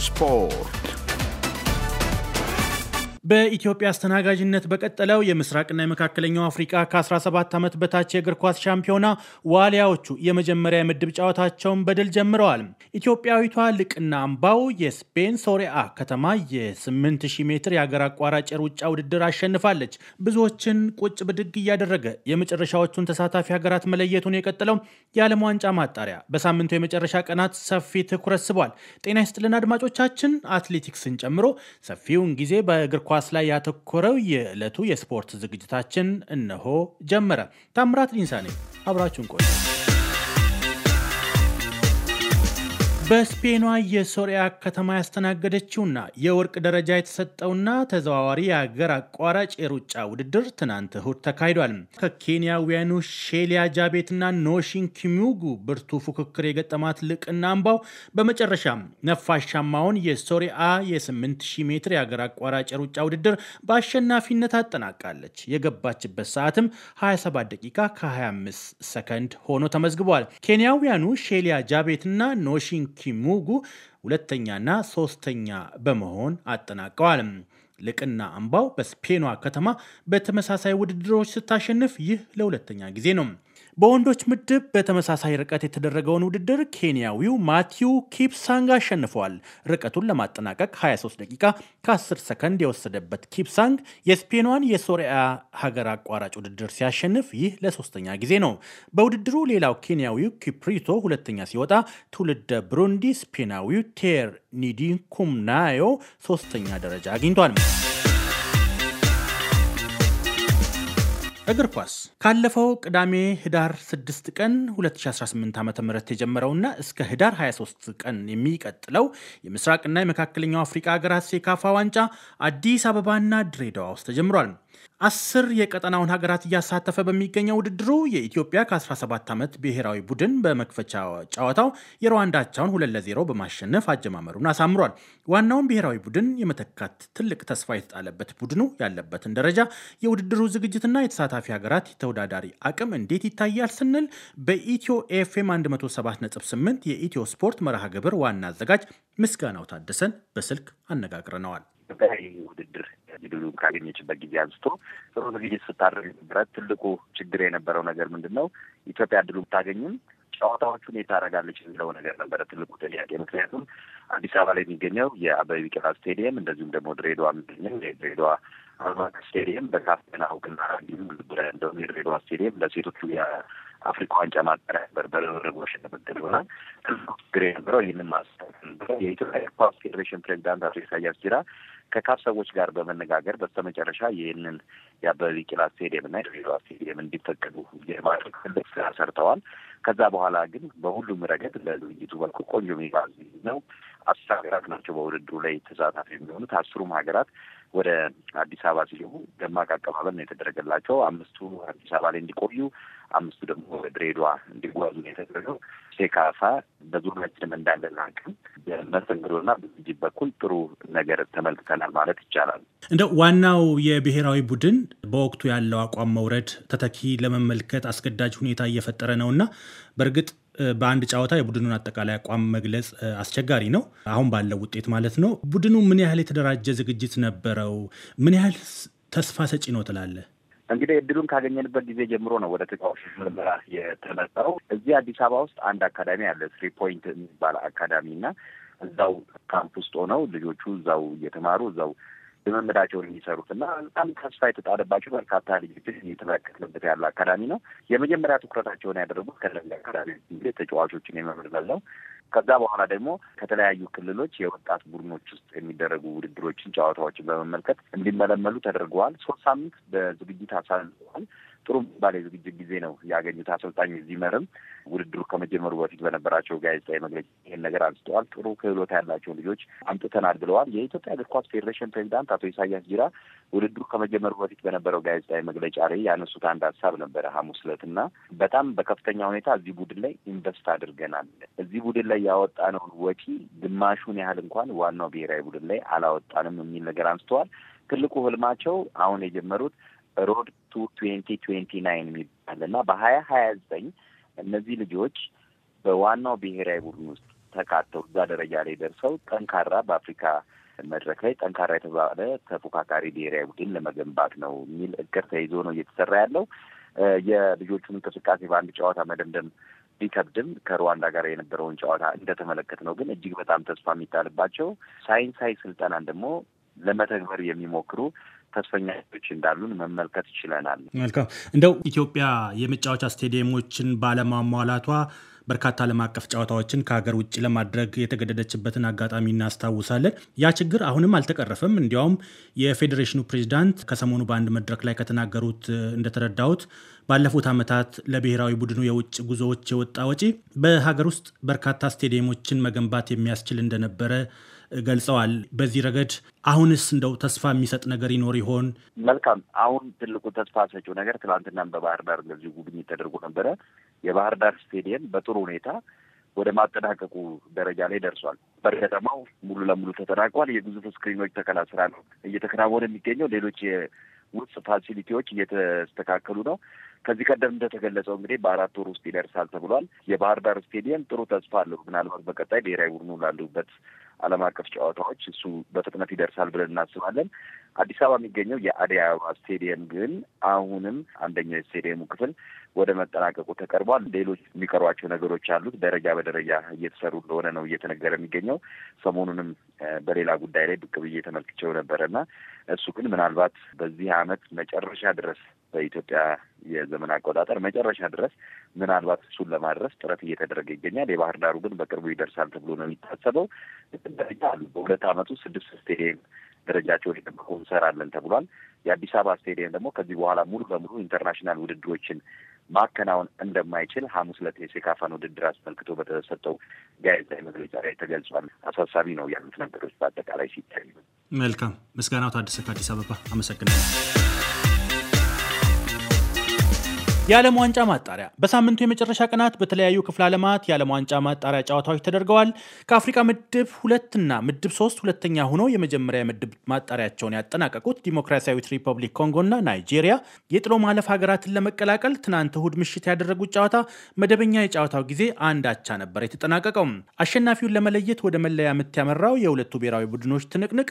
sport. በኢትዮጵያ አስተናጋጅነት በቀጠለው የምስራቅና የመካከለኛው አፍሪቃ ከ17 ዓመት በታች የእግር ኳስ ሻምፒዮና ዋሊያዎቹ የመጀመሪያ የምድብ ጨዋታቸውን በድል ጀምረዋል። ኢትዮጵያዊቷ ልቅና አምባው የስፔን ሶሪያ ከተማ የ8000 ሜትር የአገር አቋራጭ ሩጫ ውድድር አሸንፋለች። ብዙዎችን ቁጭ ብድግ እያደረገ የመጨረሻዎቹን ተሳታፊ ሀገራት መለየቱን የቀጠለው የዓለም ዋንጫ ማጣሪያ በሳምንቱ የመጨረሻ ቀናት ሰፊ ትኩረት ስቧል። ጤና ይስጥልን አድማጮቻችን፣ አትሌቲክስን ጨምሮ ሰፊውን ጊዜ በእግር ኳስ ኳስ ላይ ያተኮረው የዕለቱ የስፖርት ዝግጅታችን እነሆ ጀመረ። ታምራት ዲንሳ አብራችሁን ቆዩ። በስፔኗ የሶሪያ ከተማ ያስተናገደችውና የወርቅ ደረጃ የተሰጠውና ተዘዋዋሪ የአገር አቋራጭ የሩጫ ውድድር ትናንት እሁድ ተካሂዷል። ከኬንያውያኑ ሼሊያ ጃቤትና ኖሽን ኪሚጉ ብርቱ ፉክክር የገጠማት ልቅና አምባው በመጨረሻ ነፋሻማውን የሶሪያ የ8000 ሜትር የአገር አቋራጭ የሩጫ ውድድር በአሸናፊነት አጠናቃለች። የገባችበት ሰዓትም 27 ደቂቃ ከ25 ሰከንድ ሆኖ ተመዝግቧል። ኬንያውያኑ ሼሊያ ጃቤትና ኖሽን ኪሙጉ ሁለተኛና ሶስተኛ በመሆን አጠናቀዋል። ልቅና አምባው በስፔኗ ከተማ በተመሳሳይ ውድድሮች ስታሸንፍ ይህ ለሁለተኛ ጊዜ ነው። በወንዶች ምድብ በተመሳሳይ ርቀት የተደረገውን ውድድር ኬንያዊው ማቲው ኪፕሳንግ አሸንፈዋል። ርቀቱን ለማጠናቀቅ 23 ደቂቃ ከ10 ሰከንድ የወሰደበት ኪፕሳንግ የስፔኗን የሶሪያ ሀገር አቋራጭ ውድድር ሲያሸንፍ ይህ ለሶስተኛ ጊዜ ነው። በውድድሩ ሌላው ኬንያዊው ኪፕሪቶ ሁለተኛ ሲወጣ፣ ትውልደ ብሩንዲ ስፔናዊው ቴር ኒዲንኩምናዮ ሶስተኛ ደረጃ አግኝቷል። እግር ኳስ ካለፈው ቅዳሜ ህዳር 6 ቀን 2018 ዓ ም የጀመረውና እስከ ህዳር 23 ቀን የሚቀጥለው የምስራቅና የመካከለኛው አፍሪካ ሀገራት ሴካፋ ዋንጫ አዲስ አበባና ድሬዳዋ ውስጥ ተጀምሯል። አስር የቀጠናውን ሀገራት እያሳተፈ በሚገኘው ውድድሩ የኢትዮጵያ ከ17 ዓመት ብሔራዊ ቡድን በመክፈቻ ጨዋታው የሩዋንዳቻውን ሁለት ለዜሮ በማሸነፍ አጀማመሩን አሳምሯል። ዋናውን ብሔራዊ ቡድን የመተካት ትልቅ ተስፋ የተጣለበት ቡድኑ ያለበትን ደረጃ፣ የውድድሩ ዝግጅትና የተሳታፊ ሀገራት ተወዳዳሪ አቅም እንዴት ይታያል ስንል በኢትዮ ኤፍኤም 107.8 የኢትዮ ስፖርት መርሃ ግብር ዋና አዘጋጅ ምስጋናው ታደሰን በስልክ አነጋግረነዋል። በተለያዩ ውድድር ዲግሪ ካገኘችበት ጊዜ አንስቶ ጥሩ ዝግጅት ስታደርግ ነበረ። ትልቁ ችግር የነበረው ነገር ምንድን ነው? ኢትዮጵያ እድሉ ብታገኝም ጨዋታዎቹን ሁኔታ ታደርጋለች የሚለው ነገር ነበረ ትልቁ ጥያቄ። ምክንያቱም አዲስ አበባ ላይ የሚገኘው የአበበ ቢቂላ ስቴዲየም እንደዚሁም ደግሞ ድሬዳዋ የሚገኘው የድሬዳዋ አልማ ስቴዲየም በካፍቴና ውቅና እንዲሁም እንደሁም የድሬዳዋ ስቴዲየም ለሴቶቹ የአፍሪካ ዋንጫ ማጠሪያ ነበር በርብርብ ያሸነፈበት ይሆናል። ትልቁ ችግር የነበረው ይህንን ማስታወቅ ነበረ። የኢትዮጵያ ኳስ ፌዴሬሽን ፕሬዚዳንት አቶ ኢሳያስ ጂራ ከካፍ ሰዎች ጋር በመነጋገር በስተመጨረሻ ይህንን የአበበ ቢቂላ ስቴዲየምና የድሬዳዋ ስቴዲየም እንዲፈቀዱ የማድረግ ትልቅ ስራ ሰርተዋል። ከዛ በኋላ ግን በሁሉም ረገድ ለዝግጅቱ በልኩ ቆንጆ የሚባል ነው። አስር ሀገራት ናቸው በውድድሩ ላይ ተሳታፊ የሚሆኑት። አስሩም ሀገራት ወደ አዲስ አበባ ሲገቡ ደማቅ አቀባበል ነው የተደረገላቸው። አምስቱ አዲስ አበባ ላይ እንዲቆዩ አምስቱ ደግሞ ወደ ድሬዳዋ እንዲጓዙ ነው የተደረገው። ሴካፋ በዙሪያችንም እንዳለን አቅም በመስተንግዶና በዝግጅት በኩል ጥሩ ነገር ተመልክተናል ማለት ይቻላል። እንደ ዋናው የብሔራዊ ቡድን በወቅቱ ያለው አቋም መውረድ ተተኪ ለመመልከት አስገዳጅ ሁኔታ እየፈጠረ ነው እና በእርግጥ በአንድ ጨዋታ የቡድኑን አጠቃላይ አቋም መግለጽ አስቸጋሪ ነው፣ አሁን ባለው ውጤት ማለት ነው። ቡድኑ ምን ያህል የተደራጀ ዝግጅት ነበረው? ምን ያህል ተስፋ ሰጪ ነው ትላለህ? እንግዲህ እድሉን ካገኘንበት ጊዜ ጀምሮ ነው ወደ ተቃዋሚ ምርመራ የተመጣው። እዚህ አዲስ አበባ ውስጥ አንድ አካዳሚ አለ፣ ስሪ ፖይንት የሚባል አካዳሚ እና እዛው ካምፕ ውስጥ ሆነው ልጆቹ እዛው እየተማሩ እዛው ልምምዳቸውን የሚሰሩት እና በጣም ተስፋ የተጣለባቸው በርካታ ልጆችን እየተመለከትንበት ያለ አካዳሚ ነው። የመጀመሪያ ትኩረታቸውን ያደረጉት ከእነዚህ አካዳሚ ጊዜ ተጫዋቾችን የመመልመል ነው። ከዛ በኋላ ደግሞ ከተለያዩ ክልሎች የወጣት ቡድኖች ውስጥ የሚደረጉ ውድድሮችን፣ ጨዋታዎችን በመመልከት እንዲመለመሉ ተደርገዋል። ሶስት ሳምንት በዝግጅት አሳልፈዋል። ጥሩ ባለ ዝግጅት ጊዜ ነው ያገኙት። አሰልጣኝ ዚመርም ውድድሩ ከመጀመሩ በፊት በነበራቸው ጋዜጣዊ መግለጫ ይህን ነገር አንስተዋል። ጥሩ ክህሎታ ያላቸውን ልጆች አምጥተናል ብለዋል። የኢትዮጵያ እግር ኳስ ፌዴሬሽን ፕሬዚዳንት አቶ ኢሳያስ ጂራ ውድድሩ ከመጀመሩ በፊት በነበረው ጋዜጣዊ መግለጫ ላይ ያነሱት አንድ ሀሳብ ነበረ ሐሙስ ዕለት እና በጣም በከፍተኛ ሁኔታ እዚህ ቡድን ላይ ኢንቨስት አድርገናል። እዚህ ቡድን ላይ ያወጣነውን ወጪ ግማሹን ያህል እንኳን ዋናው ብሔራዊ ቡድን ላይ አላወጣንም የሚል ነገር አንስተዋል። ትልቁ ህልማቸው አሁን የጀመሩት ሮድ ቱ ትዌንቲ ትዌንቲ ናይን የሚባል እና በሀያ ሀያ ዘጠኝ እነዚህ ልጆች በዋናው ብሔራዊ ቡድን ውስጥ ተካተው እዛ ደረጃ ላይ ደርሰው ጠንካራ በአፍሪካ መድረክ ላይ ጠንካራ የተባለ ተፎካካሪ ብሔራዊ ቡድን ለመገንባት ነው የሚል እቅድ ተይዞ ነው እየተሰራ ያለው። የልጆቹን እንቅስቃሴ በአንድ ጨዋታ መደምደም ቢከብድም ከሩዋንዳ ጋር የነበረውን ጨዋታ እንደተመለከት ነው ግን እጅግ በጣም ተስፋ የሚጣልባቸው ሳይንሳዊ ስልጠናን ደግሞ ለመተግበር የሚሞክሩ ተስፈኛዎች እንዳሉን መመልከት ይችለናል። መልካም እንደው ኢትዮጵያ የመጫወቻ ስቴዲየሞችን ባለማሟላቷ በርካታ ዓለም አቀፍ ጨዋታዎችን ከሀገር ውጭ ለማድረግ የተገደደችበትን አጋጣሚ እናስታውሳለን። ያ ችግር አሁንም አልተቀረፈም። እንዲያውም የፌዴሬሽኑ ፕሬዚዳንት ከሰሞኑ በአንድ መድረክ ላይ ከተናገሩት እንደተረዳሁት ባለፉት ዓመታት ለብሔራዊ ቡድኑ የውጭ ጉዞዎች የወጣ ወጪ በሀገር ውስጥ በርካታ ስቴዲየሞችን መገንባት የሚያስችል እንደነበረ ገልጸዋል። በዚህ ረገድ አሁንስ እንደው ተስፋ የሚሰጥ ነገር ይኖር ይሆን? መልካም። አሁን ትልቁ ተስፋ ሰጪው ነገር ትናንትናም በባህር ዳር እንደዚሁ ጉብኝት ተደርጎ ነበረ። የባህር ዳር ስቴዲየም በጥሩ ሁኔታ ወደ ማጠናቀቁ ደረጃ ላይ ደርሷል። በከተማው ሙሉ ለሙሉ ተጠናቋል። የግዙፍ ስክሪኖች ተከላ ስራ ነው እየተከናወነ የሚገኘው። ሌሎች የውስጥ ፋሲሊቲዎች እየተስተካከሉ ነው። ከዚህ ቀደም እንደተገለጸው እንግዲህ በአራት ወር ውስጥ ይደርሳል ተብሏል። የባህር ዳር ስቴዲየም ጥሩ ተስፋ አለው። ምናልባት በቀጣይ ብሔራዊ ቡድኑ ላሉበት ዓለም አቀፍ ጨዋታዎች እሱ በፍጥነት ይደርሳል ብለን እናስባለን። አዲስ አበባ የሚገኘው የአደይ አበባ ስቴዲየም ግን አሁንም አንደኛው የስቴዲየሙ ክፍል ወደ መጠናቀቁ ተቀርቧል። ሌሎች የሚቀሯቸው ነገሮች አሉት። ደረጃ በደረጃ እየተሰሩ እንደሆነ ነው እየተነገረ የሚገኘው። ሰሞኑንም በሌላ ጉዳይ ላይ ብቅ ብዬ ተመልክቼው ነበረ እና እሱ ግን ምናልባት በዚህ አመት መጨረሻ ድረስ በኢትዮጵያ የዘመን አቆጣጠር መጨረሻ ድረስ ምናልባት እሱን ለማድረስ ጥረት እየተደረገ ይገኛል። የባህር ዳሩ ግን በቅርቡ ይደርሳል ተብሎ ነው የሚታሰበው። ደረጃ አሉ። በሁለት አመቱ ስድስት ስቴዲየም ደረጃቸው የጠበቁ እንሰራለን ተብሏል። የአዲስ አበባ ስቴዲየም ደግሞ ከዚህ በኋላ ሙሉ በሙሉ ኢንተርናሽናል ውድድሮችን ማከናወን እንደማይችል ሐሙስ ዕለት የሴካፋን ውድድር አስመልክቶ በተሰጠው ጋዜጣዊ መግለጫ ላይ ተገልጿል። አሳሳቢ ነው ያሉት ነገሮች በአጠቃላይ ሲታዩ። መልካም ምስጋናው ታደሰ ከአዲስ አበባ አመሰግናለሁ። የዓለም ዋንጫ ማጣሪያ በሳምንቱ የመጨረሻ ቀናት በተለያዩ ክፍለ ዓለማት የዓለም ዋንጫ ማጣሪያ ጨዋታዎች ተደርገዋል። ከአፍሪካ ምድብ ሁለትና ምድብ ሶስት ሁለተኛ ሆኖ የመጀመሪያ ምድብ ማጣሪያቸውን ያጠናቀቁት ዲሞክራሲያዊት ሪፐብሊክ ኮንጎና ናይጄሪያ የጥሎ ማለፍ ሀገራትን ለመቀላቀል ትናንት እሁድ ምሽት ያደረጉት ጨዋታ መደበኛ የጨዋታው ጊዜ አንድ አቻ ነበር የተጠናቀቀው። አሸናፊውን ለመለየት ወደ መለያ ምት ያመራው የሁለቱ ብሔራዊ ቡድኖች ትንቅንቅ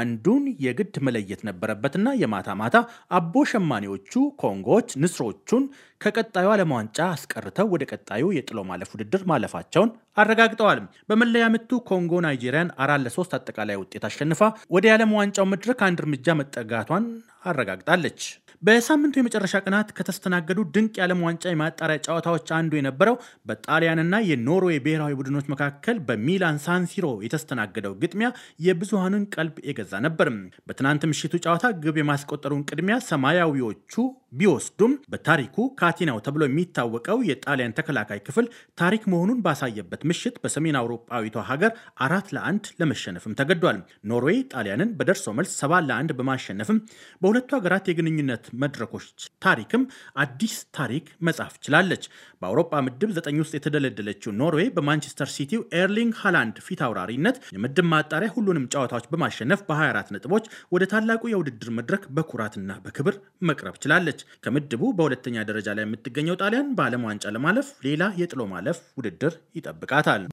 አንዱን የግድ መለየት ነበረበትና የማታ ማታ አቦ ሸማኔዎቹ ኮንጎዎች ንስሮቹን ከቀጣዩ ዓለም ዋንጫ አስቀርተው ወደ ቀጣዩ የጥሎ ማለፍ ውድድር ማለፋቸውን አረጋግጠዋል። በመለያ ምቱ ኮንጎ ናይጄሪያን አራት ለሶስት አጠቃላይ ውጤት አሸንፋ ወደ የዓለም ዋንጫው መድረክ አንድ እርምጃ መጠጋቷን አረጋግጣለች። በሳምንቱ የመጨረሻ ቀናት ከተስተናገዱ ድንቅ የዓለም ዋንጫ የማጣሪያ ጨዋታዎች አንዱ የነበረው በጣሊያንና የኖርዌይ ብሔራዊ ቡድኖች መካከል በሚላን ሳንሲሮ የተስተናገደው ግጥሚያ የብዙሃኑን ቀልብ የገዛ ነበር። በትናንት ምሽቱ ጨዋታ ግብ የማስቆጠሩን ቅድሚያ ሰማያዊዎቹ ቢወስዱም በታሪኩ ካቲናው ተብሎ የሚታወቀው የጣሊያን ተከላካይ ክፍል ታሪክ መሆኑን ባሳየበት ምሽት በሰሜን አውሮፓዊቷ ሀገር አራት ለአንድ ለመሸነፍም ተገዷል። ኖርዌይ ጣሊያንን በደርሶ መልስ ሰባት ለአንድ በማሸነፍም በሁለቱ ሀገራት የግንኙነት መድረኮች ታሪክም አዲስ ታሪክ መጻፍ ችላለች። በአውሮፓ ምድብ ዘጠኝ ውስጥ የተደለደለችው ኖርዌይ በማንቸስተር ሲቲው ኤርሊንግ ሃላንድ ፊት አውራሪነት የምድብ ማጣሪያ ሁሉንም ጨዋታዎች በማሸነፍ በ24 ነጥቦች ወደ ታላቁ የውድድር መድረክ በኩራትና በክብር መቅረብ ችላለች። ከምድቡ በሁለተኛ ደረጃ ላይ የምትገኘው ጣሊያን በዓለም ዋንጫ ለማለፍ ሌላ የጥሎ ማለፍ ውድድር ይጠብቃል። تعال تعال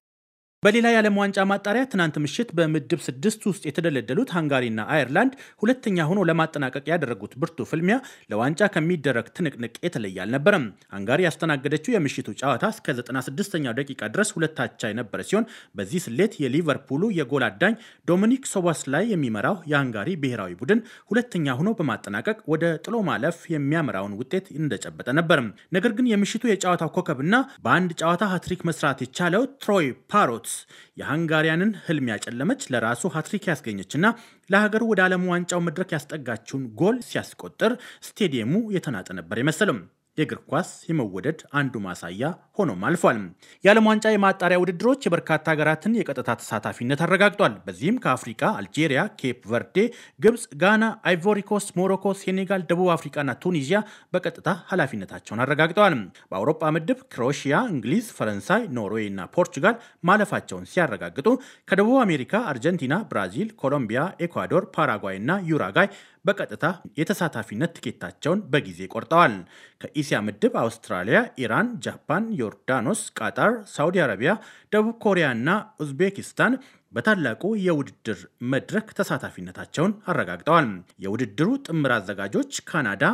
በሌላ የዓለም ዋንጫ ማጣሪያ ትናንት ምሽት በምድብ ስድስት ውስጥ የተደለደሉት ሃንጋሪና አየርላንድ ሁለተኛ ሆኖ ለማጠናቀቅ ያደረጉት ብርቱ ፍልሚያ ለዋንጫ ከሚደረግ ትንቅንቅ የተለየ አልነበረም። ሃንጋሪ ያስተናገደችው የምሽቱ ጨዋታ እስከ 96ኛው ደቂቃ ድረስ ሁለታቻ የነበረ ሲሆን በዚህ ስሌት የሊቨርፑሉ የጎል አዳኝ ዶሚኒክ ሶባስ ላይ የሚመራው የሃንጋሪ ብሔራዊ ቡድን ሁለተኛ ሆኖ በማጠናቀቅ ወደ ጥሎ ማለፍ የሚያመራውን ውጤት እንደጨበጠ ነበር። ነገር ግን የምሽቱ የጨዋታው ኮከብና በአንድ ጨዋታ ሀትሪክ መስራት የቻለው ትሮይ ፓሮት የሃንጋሪያንን ህልም ያጨለመች ለራሱ ሀትሪክ ያስገኘችና ለሀገሩ ወደ ዓለም ዋንጫው መድረክ ያስጠጋችውን ጎል ሲያስቆጥር ስቴዲየሙ የተናጠ ነበር የመሰለም። የእግር ኳስ የመወደድ አንዱ ማሳያ ሆኖም አልፏል። የዓለም ዋንጫ የማጣሪያ ውድድሮች የበርካታ ሀገራትን የቀጥታ ተሳታፊነት አረጋግጧል። በዚህም ከአፍሪካ አልጄሪያ፣ ኬፕ ቨርዴ፣ ግብፅ፣ ጋና፣ አይቮሪኮስት፣ ሞሮኮ፣ ሴኔጋል፣ ደቡብ አፍሪካና ቱኒዚያ በቀጥታ ኃላፊነታቸውን አረጋግጠዋል። በአውሮፓ ምድብ ክሮኤሽያ፣ እንግሊዝ፣ ፈረንሳይ፣ ኖርዌይ እና ፖርቹጋል ማለፋቸውን ሲያረጋግጡ ከደቡብ አሜሪካ አርጀንቲና፣ ብራዚል፣ ኮሎምቢያ፣ ኤኳዶር፣ ፓራጓይ እና ዩራጋይ በቀጥታ የተሳታፊነት ትኬታቸውን በጊዜ ቆርጠዋል። ከኢሲያ ምድብ አውስትራሊያ፣ ኢራን፣ ጃፓን፣ ዮርዳኖስ፣ ቃጣር፣ ሳውዲ አረቢያ፣ ደቡብ ኮሪያ እና ኡዝቤኪስታን በታላቁ የውድድር መድረክ ተሳታፊነታቸውን አረጋግጠዋል። የውድድሩ ጥምር አዘጋጆች ካናዳ፣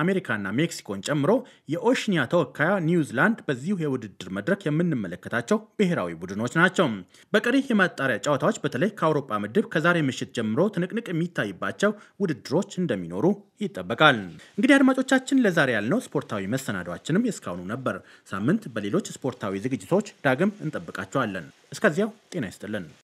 አሜሪካና ሜክሲኮን ጨምሮ የኦሽኒያ ተወካያ ኒውዚላንድ በዚሁ የውድድር መድረክ የምንመለከታቸው ብሔራዊ ቡድኖች ናቸው። በቀሪ የማጣሪያ ጨዋታዎች በተለይ ከአውሮፓ ምድብ ከዛሬ ምሽት ጀምሮ ትንቅንቅ የሚታይባቸው ውድድሮች እንደሚኖሩ ይጠበቃል። እንግዲህ አድማጮቻችን ለዛሬ ያልነው ስፖርታዊ መሰናዷችንም የእስካሁኑ ነበር። ሳምንት በሌሎች ስፖርታዊ ዝግጅቶች ዳግም እንጠብቃቸዋለን። እስከዚያው ጤና ይስጥልን።